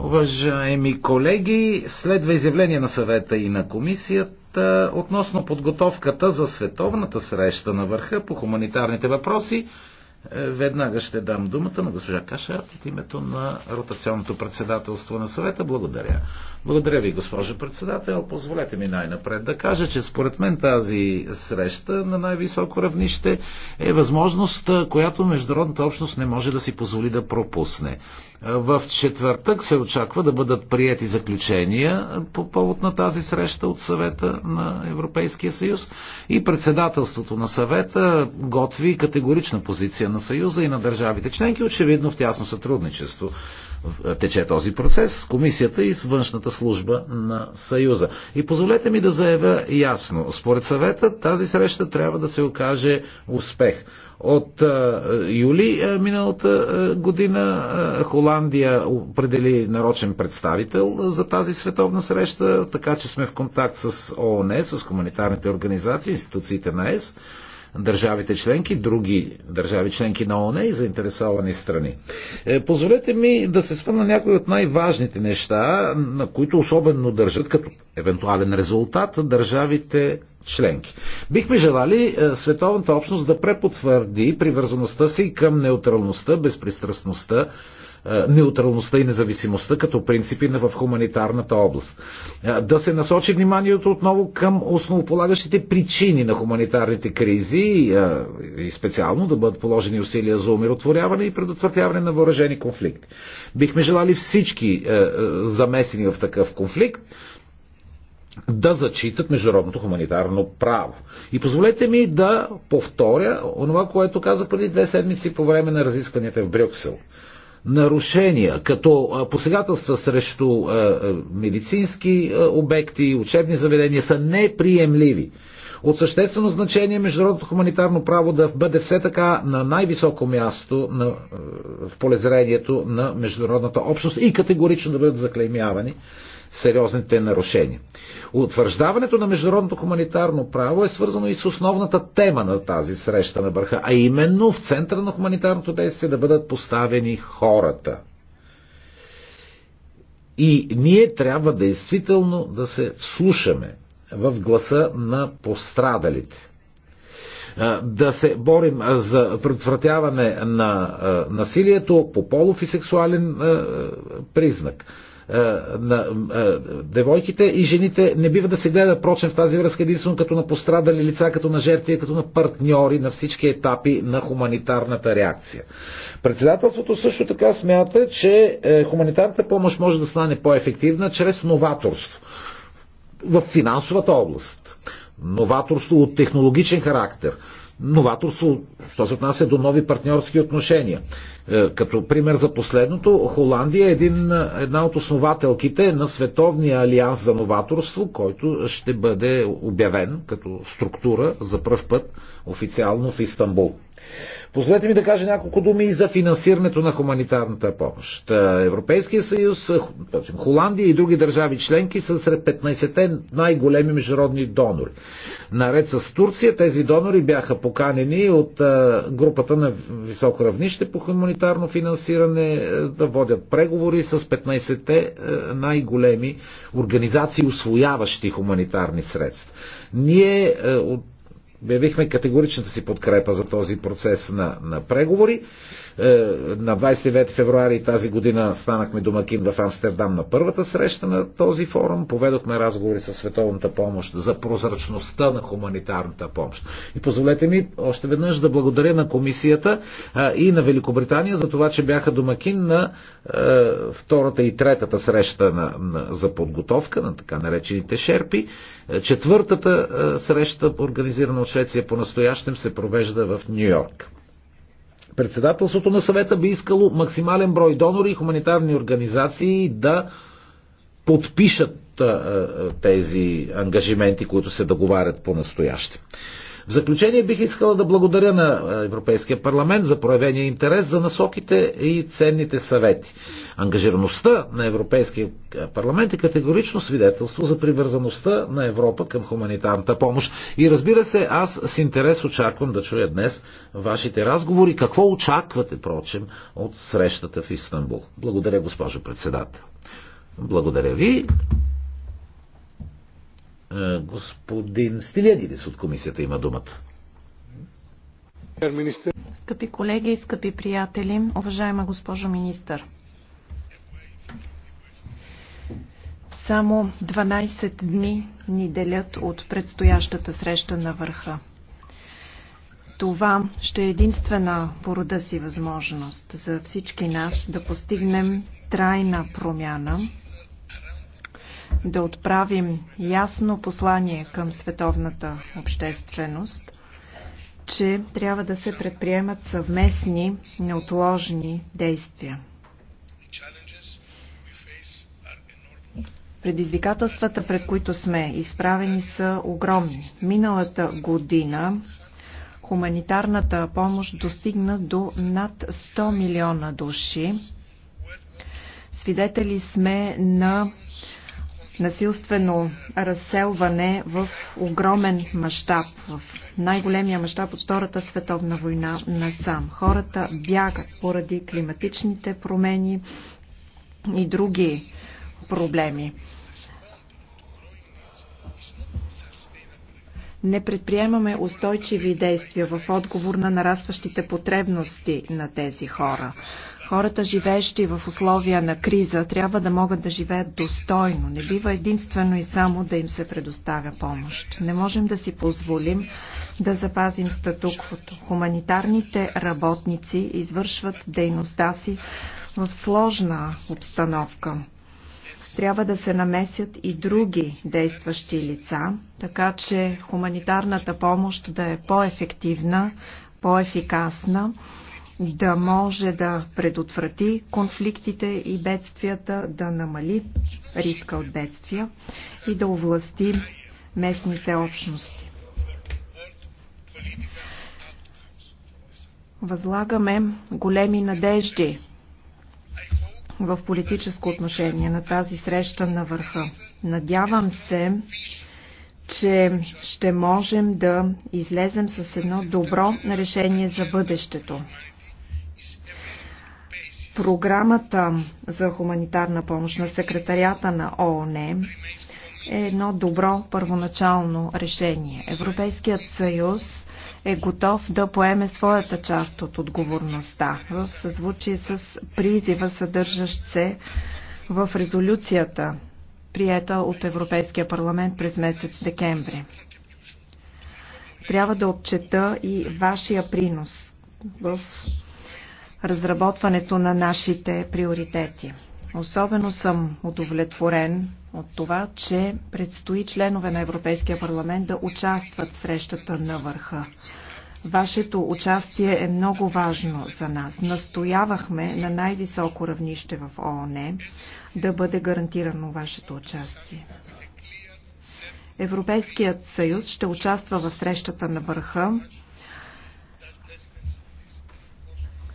Уважаеми колеги, следва изявление на съвета и на комисията относно подготовката за световната среща на върха по хуманитарните въпроси е, веднага ще дам думата на госпожа Каша от името на ротационното председателство на съвета. Благодаря. Благодаря ви, госпожа председател. Позволете ми най-напред да кажа, че според мен тази среща на най-високо равнище е възможност, която международната общност не може да си позволи да пропусне. В четвъртък се очаква да бъдат прияти заключения по повод на тази среща от съвета на Европейския съюз и председателството на съвета готви категорична позиция на Съюза и на държавите членки, очевидно в тясно сътрудничество е, тече този процес с комисията и с външната служба на Съюза. И позволете ми да заявя ясно. Според съвета тази среща трябва да се окаже успех. От а, е, юли а, е, миналата а, година а, Холандия определи нарочен представител за тази световна среща, така че сме в контакт с ООН, с хуманитарните организации, институциите на ЕС държавите членки, други държави членки на ОНЕ и заинтересовани страни. Е, позволете ми да се спъна някои от най-важните неща, на които особено държат като евентуален резултат държавите членки. Бихме желали е, световната общност да препотвърди привързаността си към неутралността, безпристрастността, е, неутралността и независимостта като принципи в хуманитарната област. Е, да се насочи вниманието отново към основополагащите причини на хуманитарните кризи е, и специално да бъдат положени усилия за умиротворяване и предотвратяване на въоръжени конфликти. Бихме желали всички замесени в такъв конфликт да зачитат международното хуманитарно право. И позволете ми да повторя онова, което казах преди две седмици по време на разискванията в Брюксел нарушения, като посегателства срещу медицински обекти, учебни заведения са неприемливи. От съществено значение е международното хуманитарно право да бъде все така на най-високо място на, в полезрението на международната общност и категорично да бъдат заклеймявани сериозните нарушения. Утвърждаването на международното хуманитарно право е свързано и с основната тема на тази среща на върха, а именно в центъра на хуманитарното действие да бъдат поставени хората. И ние трябва действително да се вслушаме в гласа на пострадалите да се борим за предотвратяване на насилието по полов и сексуален признак. Е, на е, девойките и жените не бива да се гледа, прочен в тази връзка единствено като на пострадали лица, като на жертви, като на партньори на всички етапи на хуманитарната реакция. Председателството също така смята, че е, хуманитарната помощ може да стане по-ефективна чрез новаторство в финансовата област, новаторство от технологичен характер – новаторство, що се отнася до нови партньорски отношения. Е, като пример за последното, Холандия е един, е, една от основателките на Световния алианс за новаторство, който ще бъде обявен като структура за пръв път официално в Истанбул. Позволете ми да кажа няколко думи и за финансирането на хуманитарната помощ. Е, Европейския съюз, е, Холандия и други държави членки са сред 15-те най-големи международни донори. Наред с Турция тези донори бяха поканени от е, групата на високо равнище по хуманитарно финансиране да водят преговори с 15-те най-големи организации, освояващи хуманитарни средства. Ние от обявихме категоричната си подкрепа за този процес на, на преговори. Е, на 29 февруари тази година станахме домакин в Амстердам на първата среща на този форум. Поведохме разговори с Световната помощ за прозрачността на хуманитарната помощ. И позволете ми още веднъж да благодаря на комисията и на Великобритания за това, че бяха домакин на е, втората и третата среща на, на, за подготовка на така наречените шерпи. Е, четвъртата среща, организирана от Швеция по настоящем, се провежда в Нью-Йорк. Председателството на съвета би искало максимален брой донори и хуманитарни организации да подпишат тези ангажименти, които се договарят по настояще. В заключение бих искала да благодаря на е, Европейския парламент за проявения интерес за насоките и ценните съвети. Ангажираността на Европейския е, парламент е категорично свидетелство за привързаността на Европа към хуманитарната помощ. И разбира се, аз с интерес очаквам да чуя днес вашите разговори. Какво очаквате, прочим, от срещата в Истанбул? Благодаря, госпожо председател. Благодаря ви. Е, господин Стилиадидис от комисията има думата. Скъпи колеги, скъпи приятели, уважаема госпожо министър. Само 12 дни ни делят от предстоящата среща на върха. Това ще е единствена порода си възможност за всички нас да постигнем трайна промяна да отправим ясно послание към световната общественост, че трябва да се предприемат съвместни, неотложни действия. Предизвикателствата, пред които сме изправени, са огромни. Миналата година хуманитарната помощ достигна до над 100 милиона души. Свидетели сме на насилствено разселване в огромен мащаб, в най-големия мащаб от Втората световна война насам. Хората бягат поради климатичните промени и други проблеми. не предприемаме устойчиви действия в отговор на нарастващите потребности на тези хора. Хората, живеещи в условия на криза, трябва да могат да живеят достойно. Не бива единствено и само да им се предоставя помощ. Не можем да си позволим да запазим статуквото. Хуманитарните работници извършват дейността си в сложна обстановка. Трябва да се намесят и други действащи лица, така че хуманитарната помощ да е по-ефективна, по-ефикасна, да може да предотврати конфликтите и бедствията, да намали риска от бедствия и да овласти местните общности. Възлагаме големи надежди в политическо отношение на тази среща на върха. Надявам се, че ще можем да излезем с едно добро решение за бъдещето. Програмата за хуманитарна помощ на секретарията на ООН е едно добро първоначално решение. Европейският съюз е готов да поеме своята част от отговорността в съзвучие с призива, съдържащ се в резолюцията, приета от Европейския парламент през месец декември. Трябва да отчета и вашия принос в разработването на нашите приоритети. Особено съм удовлетворен от това, че предстои членове на Европейския парламент да участват в срещата на върха. Вашето участие е много важно за нас. Настоявахме на най-високо равнище в ООН да бъде гарантирано вашето участие. Европейският съюз ще участва в срещата на върха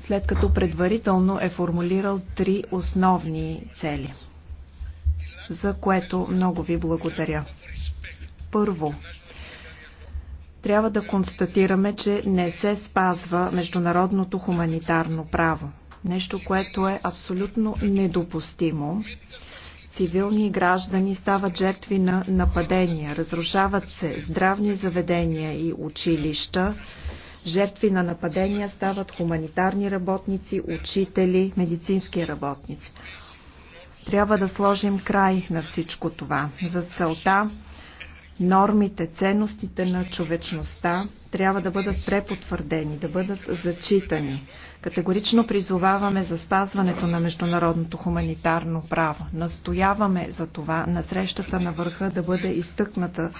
след като предварително е формулирал три основни цели, за което много ви благодаря. Първо, трябва да констатираме, че не се спазва международното хуманитарно право. Нещо, което е абсолютно недопустимо. Цивилни граждани стават жертви на нападения, разрушават се здравни заведения и училища, Жертви на нападения стават хуманитарни работници, учители, медицински работници. Трябва да сложим край на всичко това. За целта нормите, ценностите на човечността трябва да бъдат препотвърдени, да бъдат зачитани. Категорично призоваваме за спазването на международното хуманитарно право. Настояваме за това на срещата на върха да бъде изтъкната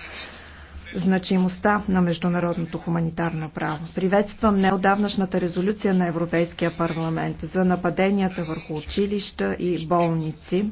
значимостта на международното хуманитарно право. Приветствам неодавнашната резолюция на Европейския парламент за нападенията върху училища и болници.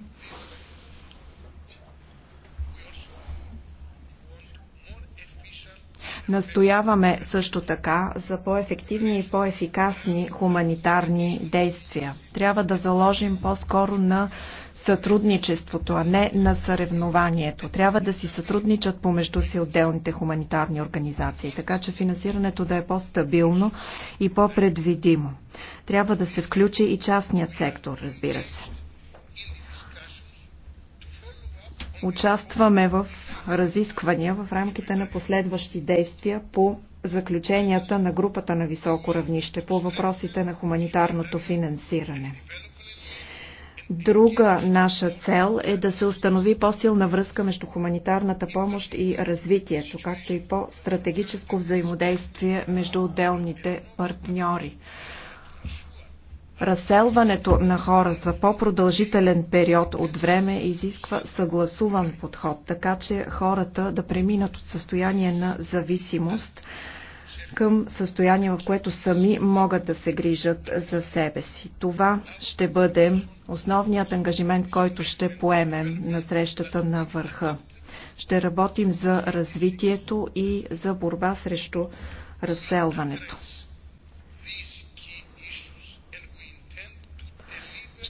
Настояваме също така за по-ефективни и по-ефикасни хуманитарни действия. Трябва да заложим по-скоро на сътрудничеството, а не на съревнованието. Трябва да си сътрудничат помежду си отделните хуманитарни организации, така че финансирането да е по-стабилно и по-предвидимо. Трябва да се включи и частният сектор, разбира се. Участваме в разисквания в рамките на последващи действия по заключенията на групата на високо равнище по въпросите на хуманитарното финансиране. Друга наша цел е да се установи по-силна връзка между хуманитарната помощ и развитието, както и по-стратегическо взаимодействие между отделните партньори. Разселването на хора за по-продължителен период от време изисква съгласуван подход, така че хората да преминат от състояние на зависимост към състояние, в което сами могат да се грижат за себе си. Това ще бъде основният ангажимент, който ще поемем на срещата на върха. Ще работим за развитието и за борба срещу разселването.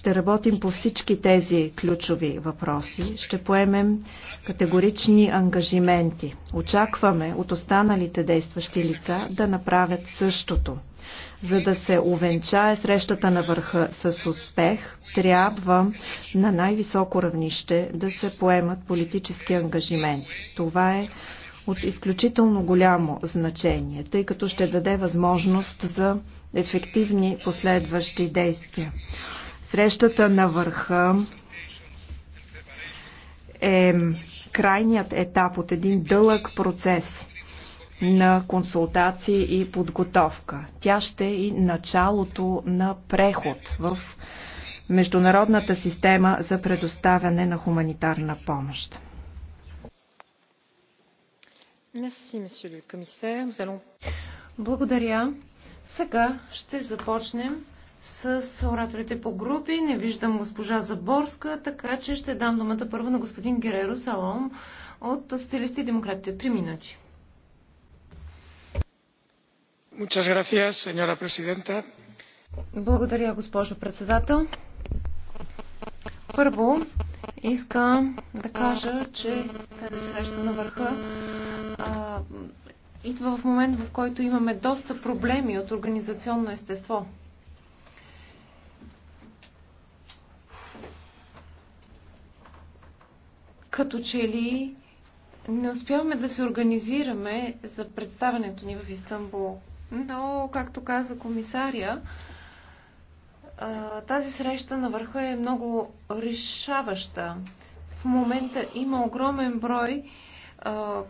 Ще работим по всички тези ключови въпроси. Ще поемем категорични ангажименти. Очакваме от останалите действащи лица да направят същото. За да се увенчае срещата на върха с успех, трябва на най-високо равнище да се поемат политически ангажименти. Това е от изключително голямо значение, тъй като ще даде възможност за ефективни последващи действия. Срещата на върха е крайният етап от един дълъг процес на консултации и подготовка. Тя ще е и началото на преход в международната система за предоставяне на хуманитарна помощ. Благодаря. Сега ще започнем с ораторите по групи. Не виждам госпожа Заборска, така че ще дам думата първо на господин Гереро Салом от Социалисти и Демократите. Три минути. Благодаря, госпожо председател. Първо, искам да кажа, че тази среща на върха идва в момент, в който имаме доста проблеми от организационно естество. като че ли не успяваме да се организираме за представането ни в Истанбул. Но, както каза комисаря, тази среща на върха е много решаваща. В момента има огромен брой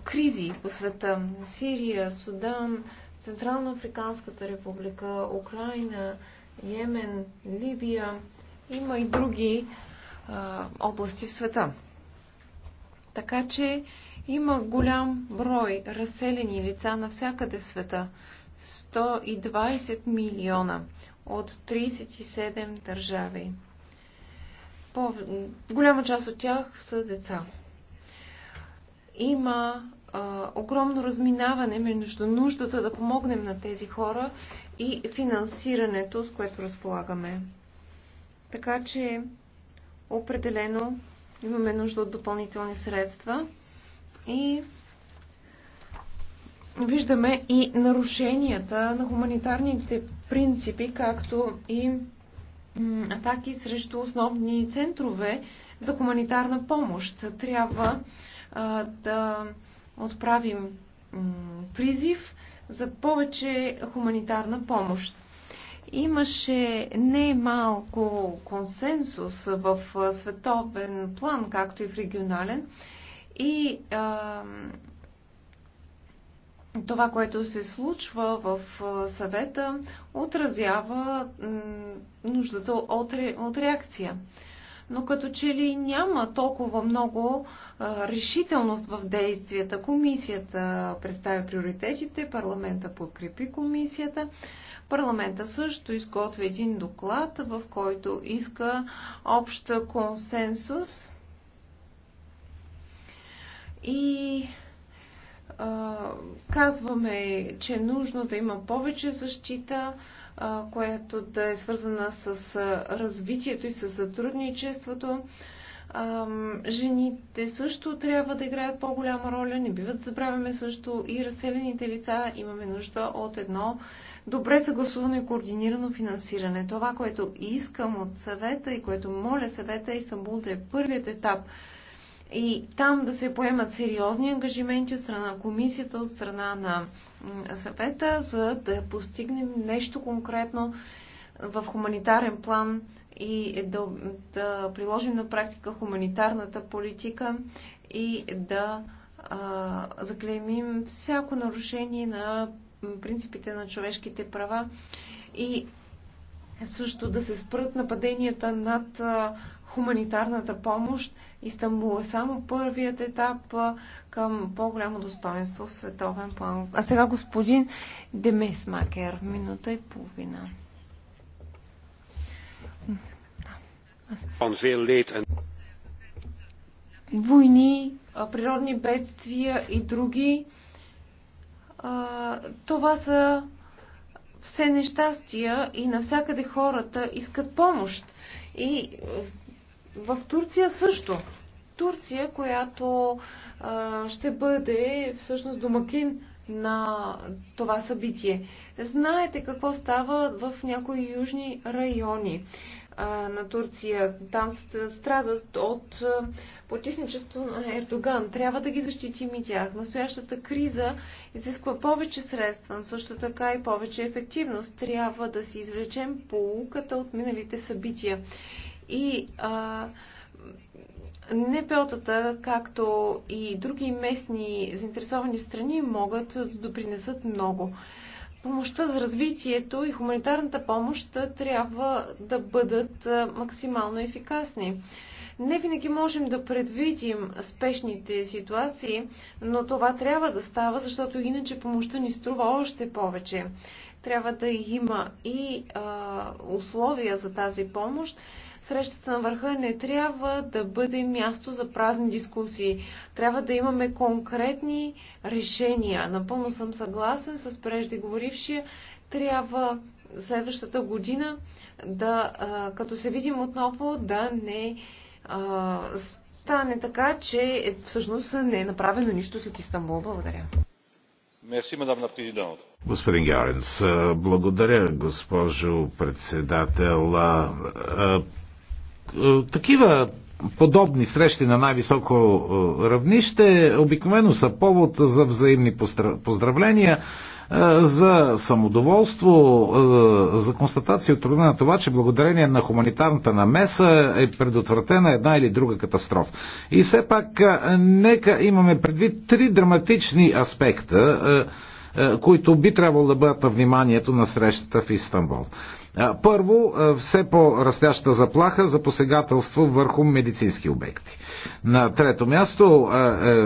кризи по света. Сирия, Судан, Централно Африканската република, Украина, Йемен, Либия. Има и други области в света. Така че има голям брой разселени лица навсякъде в света. 120 милиона от 37 държави. По... Голяма част от тях са деца. Има а, огромно разминаване между нуждата да помогнем на тези хора и финансирането, с което разполагаме. Така че определено Имаме нужда от допълнителни средства и виждаме и нарушенията на хуманитарните принципи, както и атаки срещу основни центрове за хуманитарна помощ. Трябва а, да отправим призив за повече хуманитарна помощ. Имаше не малко консенсус в световен план, както и в регионален. И а, това, което се случва в съвета, отразява нуждата от, ре, от реакция. Но като че ли няма толкова много а, решителност в действията, комисията представя приоритетите, парламента подкрепи комисията. А, Парламента също изготвя един доклад, в който иска общ консенсус и а, казваме, че е нужно да има повече защита, а, която да е свързана с развитието и с сътрудничеството. А, жените също трябва да играят по-голяма роля, не биват забравяме също и разселените лица. Имаме нужда от едно добре съгласувано и координирано финансиране. Това, което искам от съвета и което моля съвета Истанбул да е първият етап и там да се поемат сериозни ангажименти от страна на комисията, от страна на съвета, за да постигнем нещо конкретно в хуманитарен план и е да, да приложим на практика хуманитарната политика и да а, заклеймим всяко нарушение на принципите на човешките права и също да се спрат нападенията над хуманитарната помощ. Истанбул е само първият етап към по-голямо достоинство в световен план. А сега господин Демес Макер, минута и половина. Войни, природни бедствия и други а, това са все нещастия и навсякъде хората искат помощ. И в Турция също. Турция, която а, ще бъде всъщност домакин на това събитие. Знаете какво става в някои южни райони на Турция. Там страдат от потисничество на Ердоган. Трябва да ги защитим и тях. Настоящата криза изисква повече средства, но също така и повече ефективност. Трябва да си извлечем полуката от миналите събития. И а, НПО-тата, както и други местни заинтересовани страни, могат да допринесат много помощта за развитието и хуманитарната помощ трябва да бъдат максимално ефикасни. Не винаги можем да предвидим спешните ситуации, но това трябва да става, защото иначе помощта ни струва още повече. Трябва да има и а, условия за тази помощ, срещата на върха не трябва да бъде място за празни дискусии. Трябва да имаме конкретни решения. Напълно съм съгласен с преждеговорившия. Трябва следващата година да, като се видим отново, да не стане така, че е, всъщност не е направено нищо след Истанбул. Благодаря. Господин Гаренс, благодаря, госпожо председател. Е, такива подобни срещи на най-високо е, равнище обикновено са повод за взаимни поздравления, е, за самодоволство, за констатация от труда на това, че благодарение на хуманитарната намеса е предотвратена една или друга катастрофа. И все пак, нека имаме предвид три драматични аспекта, които би трябвало да бъдат на вниманието на срещата в Истанбул. Първо, все по-растяща заплаха за посегателство върху медицински обекти. На трето място, е,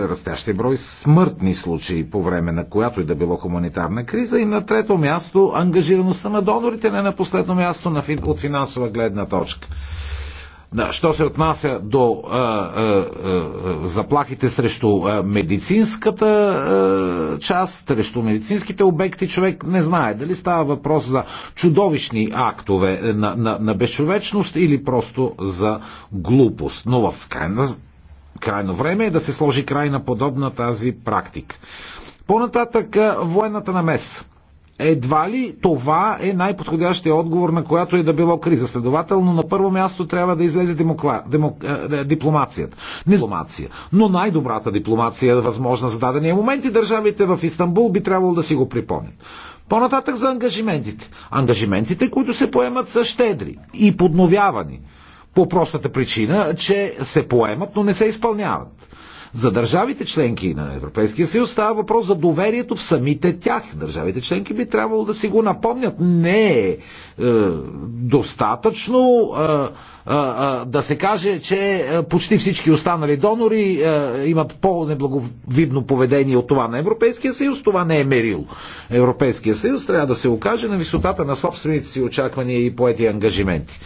растящи брой смъртни случаи по време на която и да било хуманитарна криза. И на трето място, ангажираността на донорите, не на последно място от финансова гледна точка. Що се отнася до а, а, а, заплахите срещу а, е, медицинската а, е, част, срещу медицинските обекти, човек не знае дали става въпрос за чудовищни актове на, на, на безчовечност или просто за глупост. Но в крайна, крайно време е да се сложи край на подобна тази практика. По-нататък е, военната намеса. Едва ли това е най-подходящия отговор на която е да било криза. Следователно, на първо място трябва да излезе демокла... демок... Е, е, дипломацията. Не дипломация, но най-добрата дипломация е възможна за дадения момент и държавите в Истанбул би трябвало да си го припомнят. По-нататък за ангажиментите. Ангажиментите, които се поемат са щедри и подновявани. По простата причина, че се поемат, но не се изпълняват. За държавите членки на Европейския съюз става въпрос за доверието в самите тях. Държавите членки би трябвало да си го напомнят. Не е, е достатъчно е, е, е да се каже, че е, почти всички останали донори е, имат по-неблаговидно поведение от това на Европейския съюз. Това не е мерил. Европейския съюз трябва да се окаже на висотата на собствените си очаквания и поети ангажименти.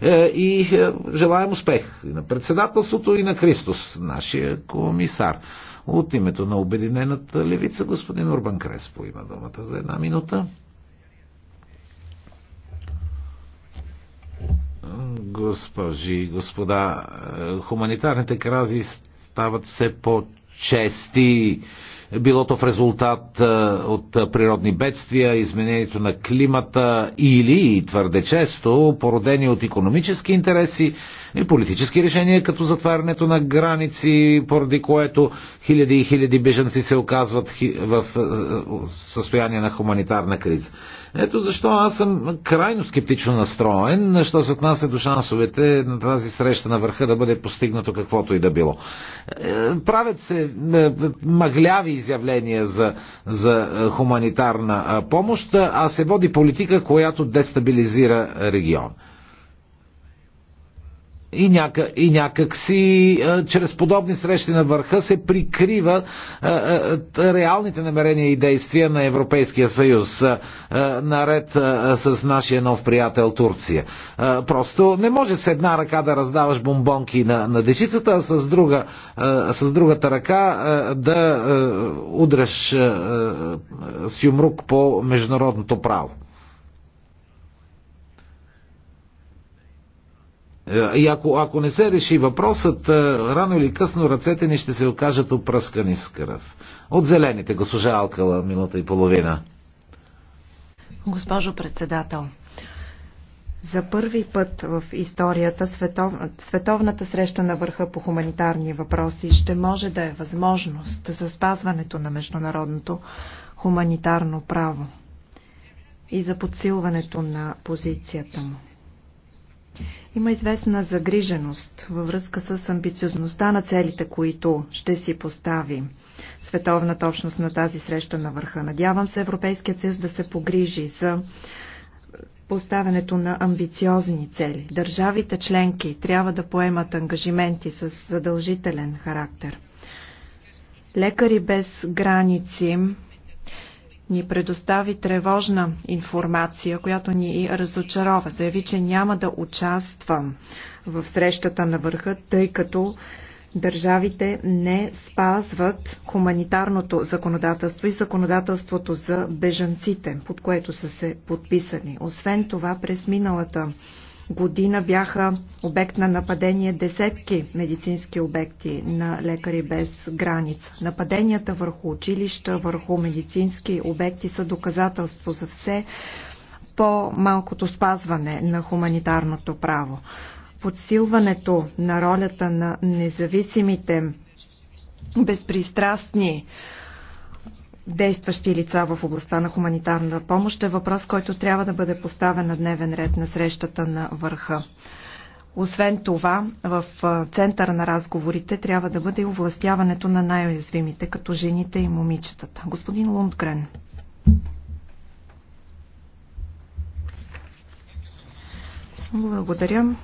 Е, и е, желаем успех и на председателството и на Христос, нашия комисар. От името на Обединената левица господин Орбан Креспо има думата за една минута. Госпожи и господа, е, хуманитарните крази стават все по-чести било то в резултат е, от природни бедствия, изменението на климата или, и твърде често, породени от економически интереси, и политически решения, като затварянето на граници, поради което хиляди и хиляди беженци се оказват в е, е, състояние на хуманитарна криза. Ето защо аз съм крайно скептично настроен, що се отнася до шансовете на тази среща на върха да бъде постигнато каквото и да било. Е, правят се мъгляви изявления за, за хуманитарна помощ, а се води политика, която дестабилизира регион. И, няка, и някак си чрез подобни срещи на върха се прикрива реалните намерения и действия на Европейския съюз наред с нашия нов приятел Турция. Просто не може с една ръка да раздаваш бомбонки на, на дечицата, а с, друга, с другата ръка да удръш с юмрук по международното право. Е, и ако, ако не се реши въпросът, е, рано или късно ръцете ни ще се окажат опръскани с кръв. От зелените, госпожа Алкала, минута и половина. Госпожо председател, за първи път в историята светов... световната среща на върха по хуманитарни въпроси ще може да е възможност за спазването на международното хуманитарно право и за подсилването на позицията му. Има известна загриженост във връзка с амбициозността на целите, които ще си постави световната общност на тази среща на върха. Надявам се Европейският съюз да се погрижи за поставянето на амбициозни цели. Държавите членки трябва да поемат ангажименти с задължителен характер. Лекари без граници ни предостави тревожна информация, която ни и разочарова. Заяви, че няма да участвам в срещата на върха, тъй като държавите не спазват хуманитарното законодателство и законодателството за бежанците, под което са се подписани. Освен това, през миналата година бяха обект на нападение десетки медицински обекти на лекари без граница. Нападенията върху училища, върху медицински обекти са доказателство за все по-малкото спазване на хуманитарното право. Подсилването на ролята на независимите безпристрастни действащи лица в областта на хуманитарна помощ е въпрос, който трябва да бъде поставен на дневен ред на срещата на върха. Освен това, в центъра на разговорите трябва да бъде и овластяването на най-уязвимите, като жените и момичетата. Господин Лундгрен. Благодаря.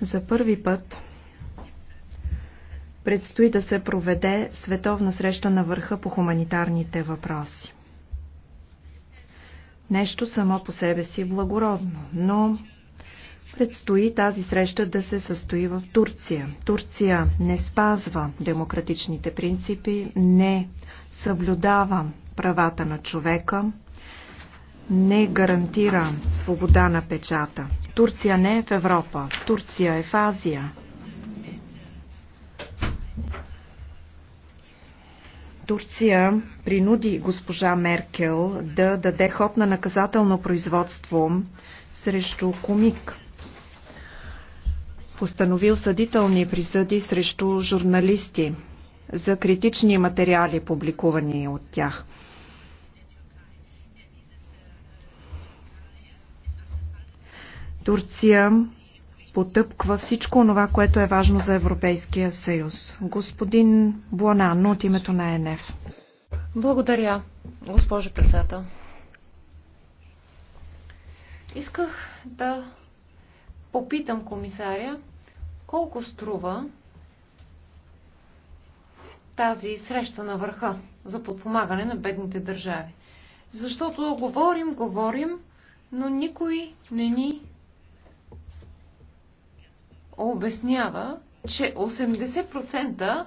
За първи път предстои да се проведе световна среща на върха по хуманитарните въпроси. Нещо само по себе си благородно, но предстои тази среща да се състои в Турция. Турция не спазва демократичните принципи, не съблюдава правата на човека, не гарантира свобода на печата. Турция не е в Европа, Турция е в Азия. Турция принуди госпожа Меркел да даде ход на наказателно производство срещу комик. Постанови осъдителни присъди срещу журналисти за критични материали, публикувани от тях. Турция потъпква всичко това, което е важно за Европейския съюз. Господин Буанан от името на ЕНФ. Благодаря, госпожо председател. Исках да попитам комисаря колко струва тази среща на върха за подпомагане на бедните държави. Защото говорим, говорим, но никой не ни обяснява, че 80%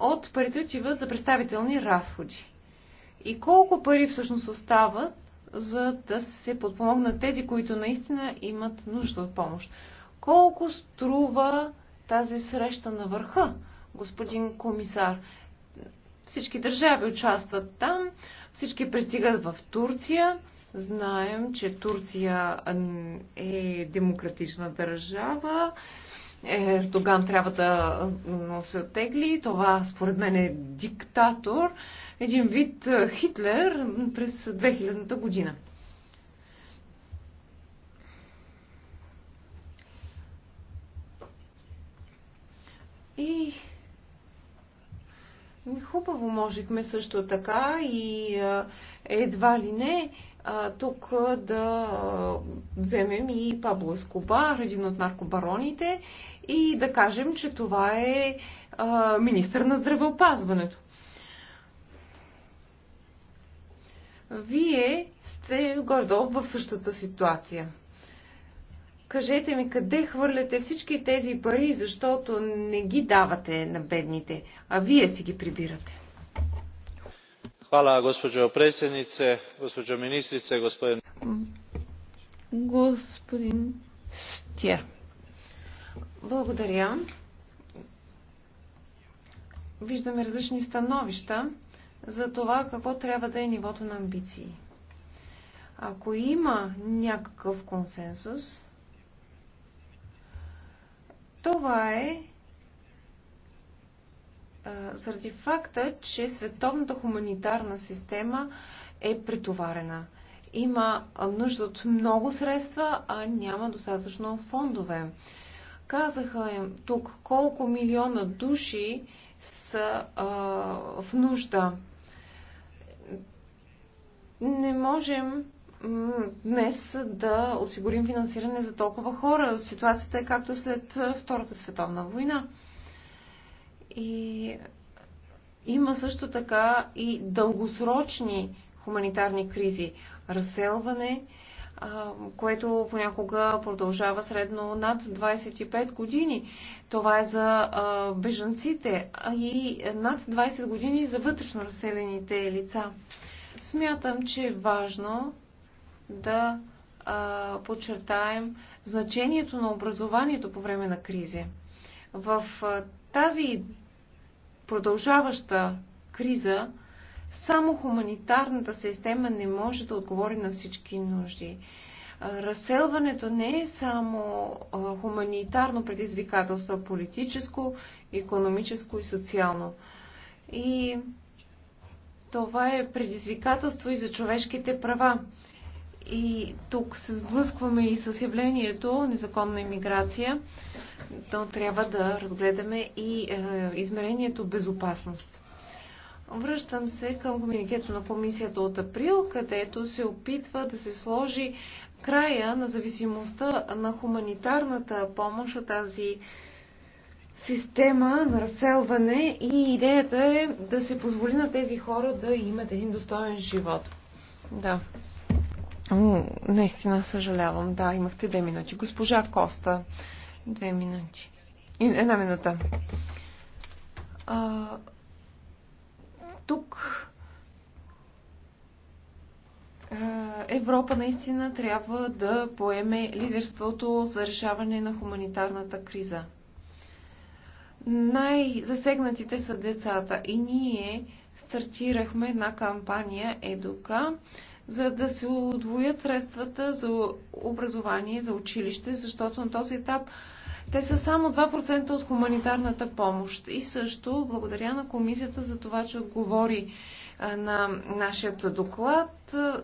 от парите отиват за представителни разходи. И колко пари всъщност остават, за да се подпомогнат тези, които наистина имат нужда от помощ? Колко струва тази среща на върха, господин комисар? Всички държави участват там, всички пристигат в Турция. Знаем, че Турция е демократична държава Ердоган трябва да се оттегли. Това според мен е диктатор, един вид е, Хитлер през 2000-та година. И хубаво можехме също така и е, едва ли не а, тук да вземем и Пабло Ескобар, един от наркобароните, и да кажем, че това е а, министър на здравеопазването. Вие сте гордо в същата ситуация. Кажете ми, къде хвърляте всички тези пари, защото не ги давате на бедните, а вие си ги прибирате gospođo predsjednice gospođo ministrice gospodine Гостя. Благодаря. Виждаме различни становища за това какво трябва да е нивото на амбиции. Ако има някакъв консенсус, това е заради факта, че световната хуманитарна система е претоварена. Има нужда от много средства, а няма достатъчно фондове. Казаха им тук колко милиона души са а, в нужда. Не можем днес да осигурим финансиране за толкова хора. Ситуацията е както след Втората световна война. И има също така и дългосрочни хуманитарни кризи. Разселване, което понякога продължава средно над 25 години. Това е за бежанците и над 20 години за вътрешно разселените лица. Смятам, че е важно да подчертаем значението на образованието по време на кризи. В тази продължаваща криза, само хуманитарната система не може да отговори на всички нужди. Разселването не е само хуманитарно предизвикателство, а политическо, економическо и социално. И това е предизвикателство и за човешките права. И тук се сблъскваме и с явлението незаконна иммиграция, то трябва да разгледаме и е, измерението безопасност. Връщам се към комуникето на комисията от април, където се опитва да се сложи края на зависимостта на хуманитарната помощ от тази система на разселване и идеята е да се позволи на тези хора да имат един достоен живот. Да. Наистина съжалявам. Да, имахте две минути. Госпожа Коста. Две минути. Една минута. А, тук Европа наистина трябва да поеме лидерството за решаване на хуманитарната криза. Най-засегнатите са децата и ние стартирахме една кампания Едука, за да се удвоят средствата за образование, за училище, защото на този етап те са само 2% от хуманитарната помощ. И също благодаря на комисията за това, че отговори на нашия доклад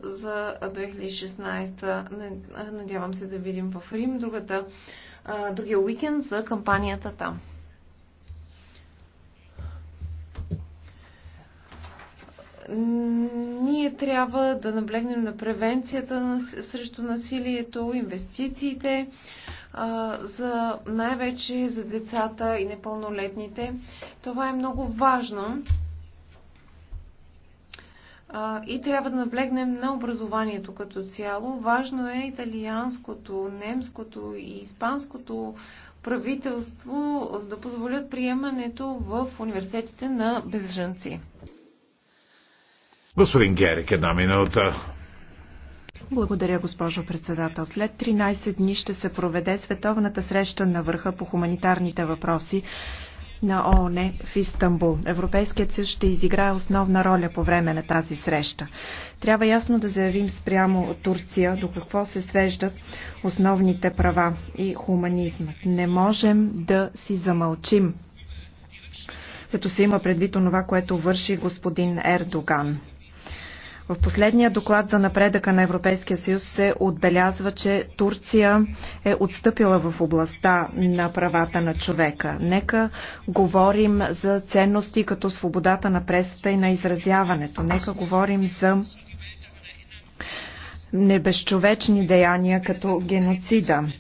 за 2016. Надявам се да видим в Рим другата, другия уикенд за кампанията там. ние трябва да наблегнем на превенцията срещу насилието, инвестициите, за, най-вече за децата и непълнолетните. Това е много важно и трябва да наблегнем на образованието като цяло. Важно е италианското, немското и испанското правителство да позволят приемането в университетите на безженци. Господин Герик, една минута. Благодаря, госпожо председател. След 13 дни ще се проведе световната среща на върха по хуманитарните въпроси на ООН в Истанбул. Европейският съюз ще изиграе основна роля по време на тази среща. Трябва ясно да заявим спрямо от Турция до какво се свеждат основните права и хуманизмът. Не можем да си замълчим, като се има предвид онова, което върши господин Ердоган. В последния доклад за напредъка на Европейския съюз се отбелязва, че Турция е отстъпила в областта на правата на човека. Нека говорим за ценности като свободата на пресата и на изразяването. Нека говорим за небезчовечни деяния като геноцида.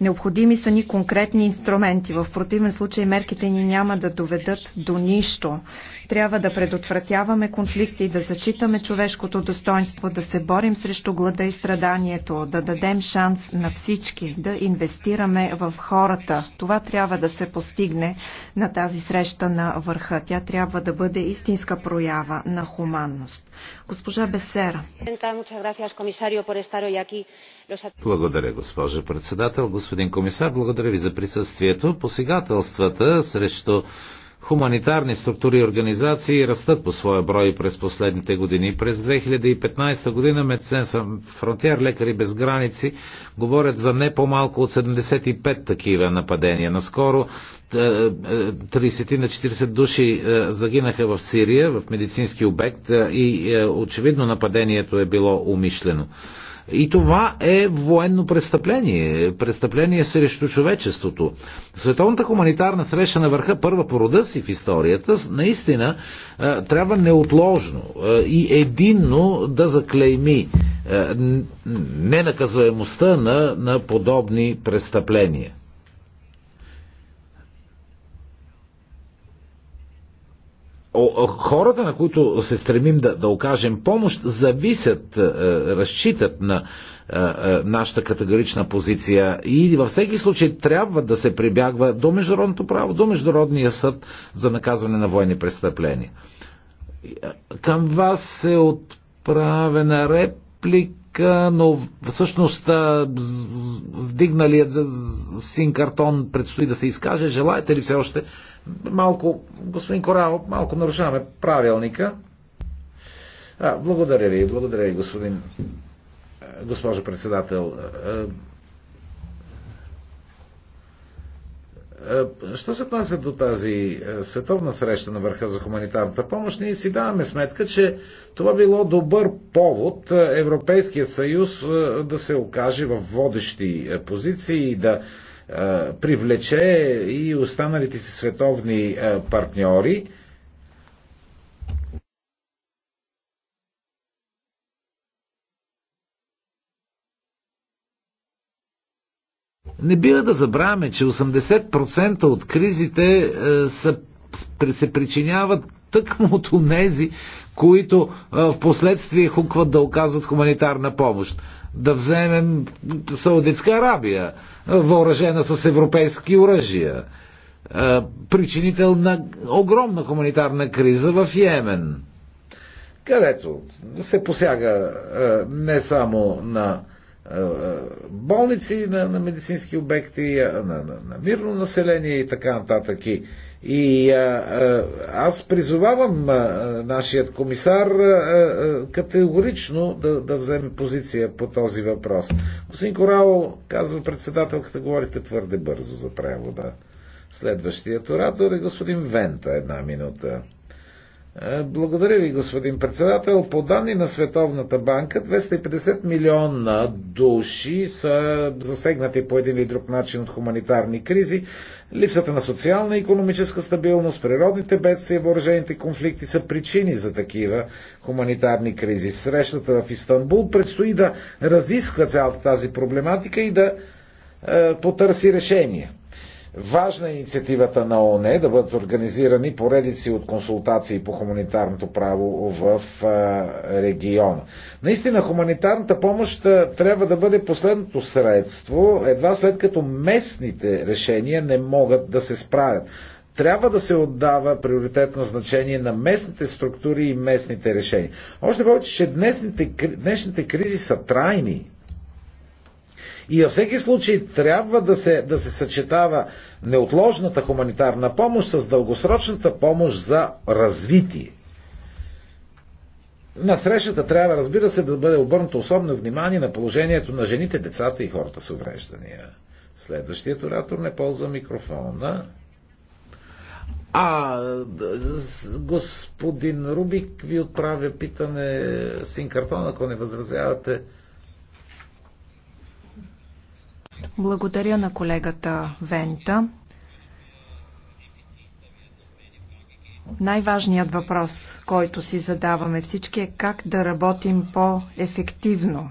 Необходими са ни конкретни инструменти. В противен случай мерките ни няма да доведат до нищо. Трябва да предотвратяваме конфликти, да зачитаме човешкото достоинство, да се борим срещу глада и страданието, да дадем шанс на всички, да инвестираме в хората. Това трябва да се постигне на тази среща на върха. Тя трябва да бъде истинска проява на хуманност. Госпожа Бесера. Благодаря, госпожа председател. Господин комисар, благодаря ви за присъствието. Посегателствата срещу Хуманитарни структури и организации растат по своя брой през последните години. През 2015 година Медсенса Фронтиер Лекари без граници говорят за не по-малко от 75 такива нападения. Наскоро 30 е, е, на 40 души е, загинаха в Сирия, в медицински обект и очевидно нападението е било умишлено. И това е военно престъпление, престъпление срещу човечеството. Световната хуманитарна среща на върха, първа по рода си в историята, наистина е, трябва неотложно е, и единно да заклейми е, ненаказуемостта на, на подобни престъпления. хората, на които се стремим да, да окажем помощ, зависят, е, е, разчитат на е, нашата категорична позиция и във всеки случай трябва да се прибягва до международното право, до Международния съд за наказване на военни престъпления. Към вас се отправена реплика, но всъщност вдигналият за син картон предстои да се изкаже. Желаете ли все още Малко, господин Корал, малко нарушаваме правилника. А, благодаря ви, благодаря ви, господин, е, госпожо председател. Е, е, що се отнася до тази световна среща на върха за хуманитарната помощ, ние си даваме сметка, че това било добър повод Европейският съюз да се окаже в водещи позиции и да привлече и останалите си световни партньори. Не бива да забравяме, че 80% от кризите са, се причиняват тъкмо от онези, които в последствие хукват да оказват хуманитарна помощ. Да вземем Саудитска Арабия, въоръжена с европейски оръжия, е, причинител на огромна хуманитарна криза в Йемен, където се посяга е, не само на е, болници, на, на медицински обекти, на, на, на мирно население и така нататък. И, и а, аз призовавам а, нашият комисар а, а, категорично да, да вземе позиция по този въпрос. Господин Корало, казва председателката, говорите твърде бързо за превода. Следващият оратор е господин Вента, една минута. Благодаря ви, господин председател. По данни на Световната банка, 250 милиона души са засегнати по един или друг начин от хуманитарни кризи. Липсата на социална и економическа стабилност, природните бедствия и въоръжените конфликти са причини за такива хуманитарни кризи. Срещата в Истанбул предстои да разисква цялата тази проблематика и да е, потърси решение. Важна е инициативата на ОНЕ да бъдат организирани поредици от консултации по хуманитарното право в региона. Наистина, хуманитарната помощ трябва да бъде последното средство, едва след като местните решения не могат да се справят. Трябва да се отдава приоритетно значение на местните структури и местните решения. Още повече, че днешните кризи са трайни и във всеки случай трябва да се, да се съчетава неотложната хуманитарна помощ с дългосрочната помощ за развитие. На срещата трябва, разбира се, да бъде обърнато особено внимание на положението на жените, децата и хората с увреждания. Следващият оратор не ползва микрофона. А, господин Рубик ви отправя питане син картон, ако не възразявате. Благодаря на колегата Вента. Най-важният въпрос, който си задаваме всички е как да работим по-ефективно.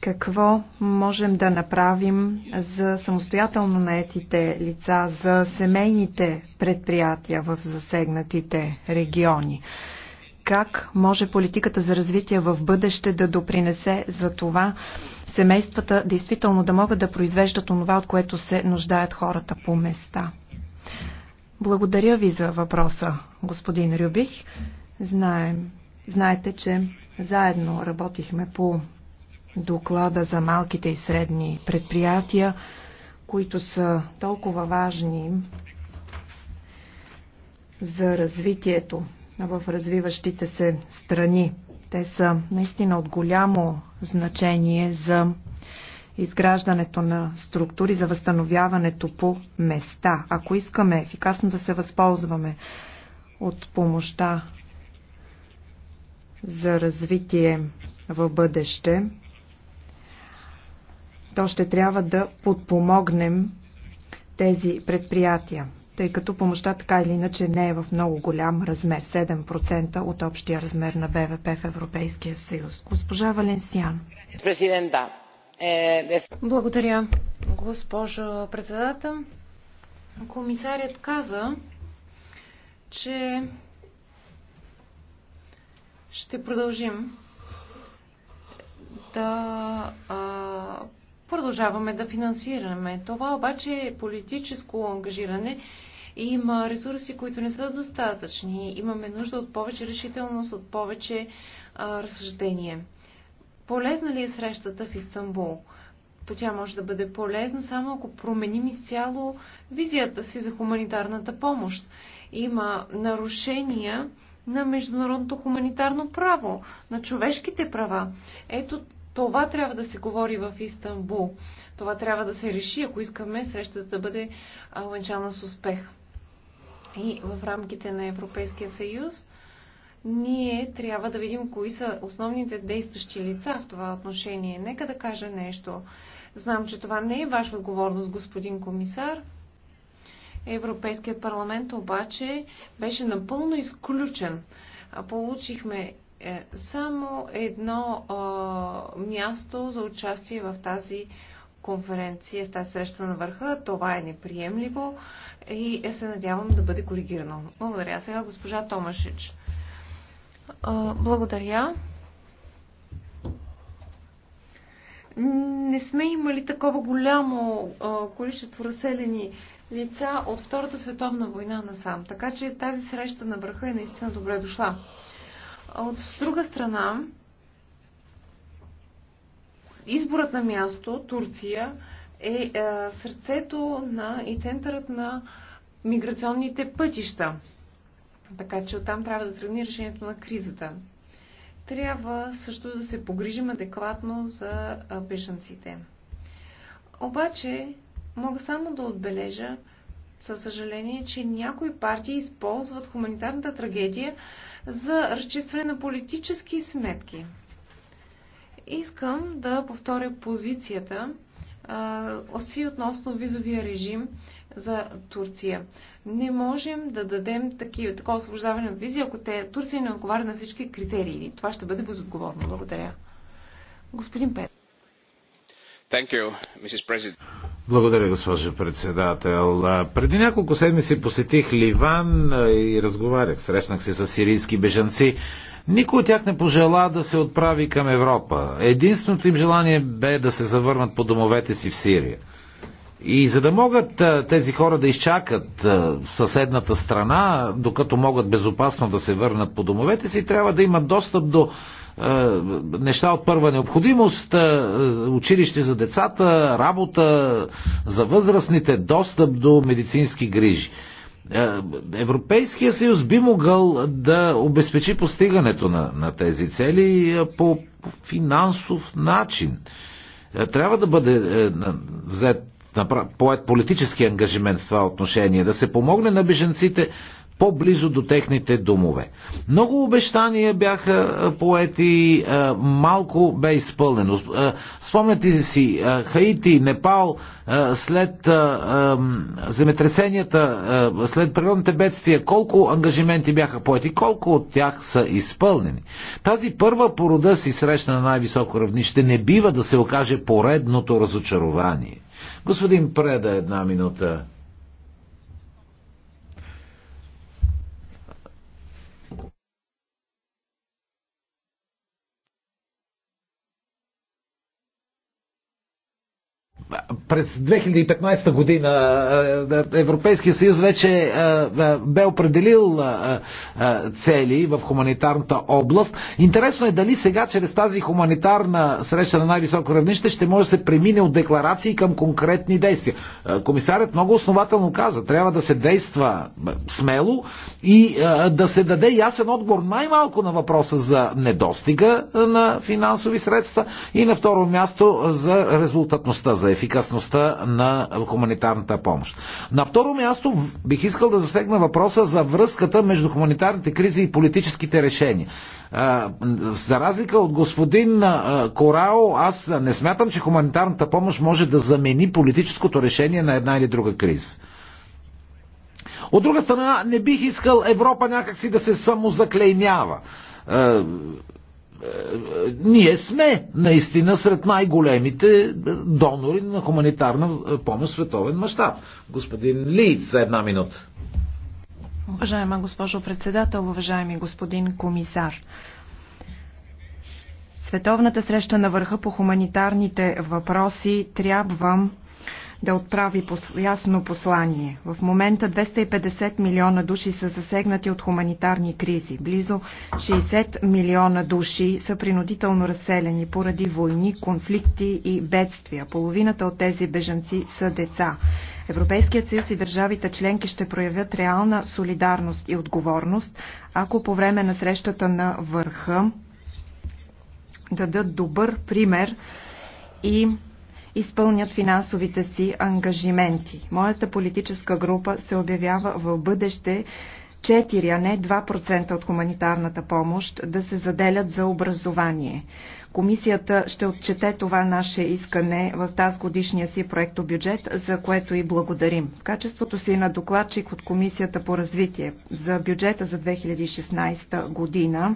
Какво можем да направим за самостоятелно наетите лица, за семейните предприятия в засегнатите региони? Как може политиката за развитие в бъдеще да допринесе за това семействата действително да могат да произвеждат онова, от което се нуждаят хората по места. Благодаря ви за въпроса, господин Рюбих. Знаем, знаете, че заедно работихме по доклада за малките и средни предприятия, които са толкова важни за развитието в развиващите се страни. Те са наистина от голямо значение за изграждането на структури, за възстановяването по места. Ако искаме ефикасно да се възползваме от помощта за развитие в бъдеще, то ще трябва да подпомогнем тези предприятия тъй като помощта така или иначе не е в много голям размер 7% от общия размер на БВП в Европейския съюз. Госпожа Валенсиан. Е, е- Благодаря, госпожо председател. Комисарят каза, че ще продължим да а, продължаваме да финансираме. Това обаче е политическо ангажиране и има ресурси, които не са достатъчни. Имаме нужда от повече решителност, от повече а, разсъждение. Полезна ли е срещата в Истанбул? Тя може да бъде полезна само ако променим изцяло визията си за хуманитарната помощ. Има нарушения на международното хуманитарно право, на човешките права. Ето това трябва да се говори в Истанбул. Това трябва да се реши, ако искаме срещата да бъде увенчана с успех. И в рамките на Европейския съюз ние трябва да видим кои са основните действащи лица в това отношение. Нека да кажа нещо. Знам, че това не е ваша отговорност, господин комисар. Европейският парламент обаче беше напълно изключен. Получихме е само едно а, място за участие в тази конференция, в тази среща на върха. Това е неприемливо и е, се надявам да бъде коригирано. Благодаря. Сега госпожа Томашич. А, благодаря. Не сме имали такова голямо а, количество разселени лица от Втората световна война насам. Така че тази среща на върха е наистина добре дошла. От друга страна, изборът на място, Турция, е, е сърцето на и центърът на миграционните пътища. Така че оттам трябва да тръгне решението на кризата. Трябва също да се погрижим адекватно за бежанците. Обаче, мога само да отбележа, със съжаление, че някои партии използват хуманитарната трагедия за разчистване на политически сметки. Искам да повторя позицията си относно визовия режим за Турция. Не можем да дадем такива, такова освобождаване от визи, ако те, Турция не отговаря на всички критерии. Това ще бъде безотговорно. Благодаря. Господин Пет. Thank you, Mrs. President. Благодаря, госпожо председател. Преди няколко седмици посетих Ливан и разговарях, срещнах се с сирийски бежанци. Никой от тях не пожела да се отправи към Европа. Единственото им желание бе да се завърнат по домовете си в Сирия. И за да могат тези хора да изчакат в съседната страна, докато могат безопасно да се върнат по домовете си, трябва да имат достъп до неща от първа необходимост, училище за децата, работа за възрастните, достъп до медицински грижи. Европейския съюз би могъл да обезпечи постигането на, на тези цели по финансов начин. Трябва да бъде взет поет политически ангажимент в това отношение, да се помогне на беженците по-близо до техните домове. Много обещания бяха поети, малко бе изпълнено. Спомняте си Хаити, Непал, след земетресенията, след природните бедствия, колко ангажименти бяха поети, колко от тях са изпълнени. Тази първа порода си среща на най-високо равнище не бива да се окаже поредното разочарование. Господин Преда, една минута. през 2015 година е, е, Европейския съюз вече е, бе определил цели в хуманитарната област. Интересно е дали сега чрез тази хуманитарна среща на най-високо равнище ще може да се премине от декларации към конкретни действия. Комисарят много основателно каза, трябва да се действа смело и да се даде ясен отговор най-малко на въпроса за недостига на финансови средства и на второ място за резултатността, за ефикасността на хуманитарната помощ. На второ място бих искал да засегна въпроса за връзката между хуманитарните кризи и политическите решения. За разлика от господин Корао, аз не смятам, че хуманитарната помощ може да замени политическото решение на една или друга криза. От друга страна, не бих искал Европа някакси да се самозаклеймява ние сме наистина сред най-големите донори на хуманитарна помощ в световен мащаб. Господин Лиц, за една минута. Уважаема госпожо председател, уважаеми господин комисар. Световната среща на върха по хуманитарните въпроси трябва да отправи ясно послание. В момента 250 милиона души са засегнати от хуманитарни кризи. Близо 60 милиона души са принудително разселени поради войни, конфликти и бедствия. Половината от тези бежанци са деца. Европейският съюз и държавите членки ще проявят реална солидарност и отговорност, ако по време на срещата на върха дадат добър пример и изпълнят финансовите си ангажименти. Моята политическа група се обявява в бъдеще 4, а не 2% от хуманитарната помощ да се заделят за образование. Комисията ще отчете това наше искане в тази годишния си проекто бюджет, за което и благодарим. В качеството си на докладчик от Комисията по развитие за бюджета за 2016 година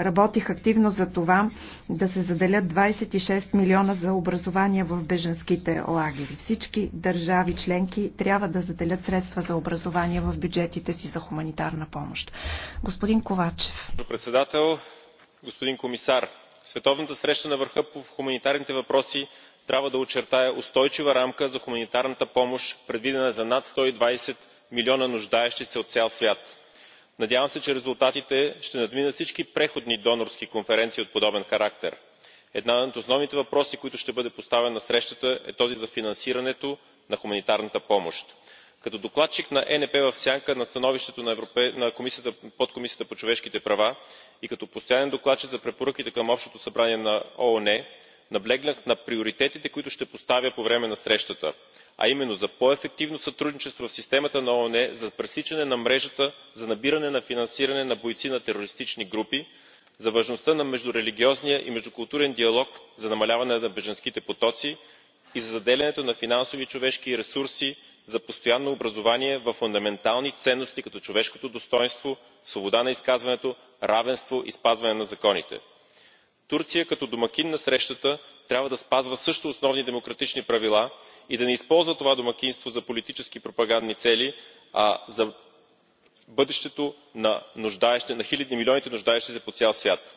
Работих активно за това да се заделят 26 милиона за образование в беженските лагери. Всички държави членки трябва да заделят средства за образование в бюджетите си за хуманитарна помощ. Господин Ковачев. Председател, господин комисар, световната среща на върха по хуманитарните въпроси трябва да очертая устойчива рамка за хуманитарната помощ предвидена за над сто двадесет милиона нуждаещи се от цял свят надявам се че резултатите ще надминат всички преходни донорски конференции от подобен характер. един от основните въпроси който ще бъде поставен на срещата е този за финансирането на хуманитарната помощ. като докладчик на енп в сянка на становището на подкомисията по човешките права и като постоянен докладчик за препоръките към общото събрание на оон наблегнах на приоритетите които ще поставя по време на срещата а именно за по ефективно сътрудничество в системата на оон за пресичане на мрежата за набиране на финансиране на бойци на терористични групи за важността на междурелигиозния и междукултурен диалог за намаляване на бежанските потоци и за заделянето на финансови и човешки ресурси за постоянно образование във фундаментални ценности като човешкото достойнство свобода на изказването равенство и спазване на законите турция като домакин на срещата трябва да спазва също основни демократични правила и да не използва това домакинство за политически пропагандни цели а за бъдещето на милионите нуждаещи се по цял свят.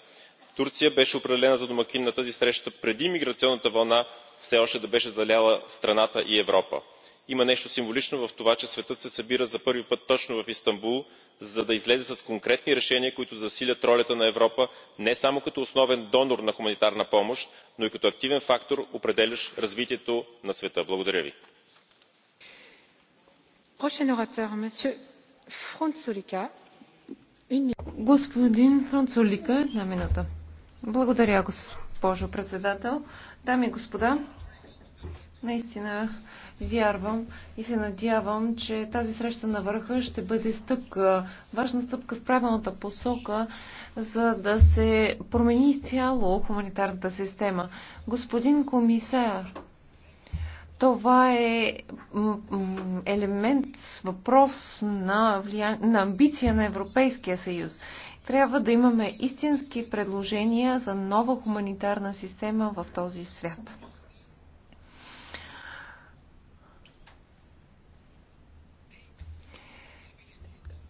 турция беше определена за домакин на тази среща преди миграционната вълна все още да беше заляла страната и европа има нещо символично в това че светът се събира за първи път точно в истанбул за да излезе с конкретни решения които да засилят ролята на европа не само като основен донор на хуманитарна помощ но и като активен фактор определящ развитието на света. благодаря ви. Благодаря, госпожо председател. Дами и Наистина вярвам и се надявам, че тази среща на върха ще бъде стъпка, важна стъпка в правилната посока, за да се промени изцяло хуманитарната система. Господин комисар, това е елемент, въпрос на, влия... на амбиция на Европейския съюз. Трябва да имаме истински предложения за нова хуманитарна система в този свят.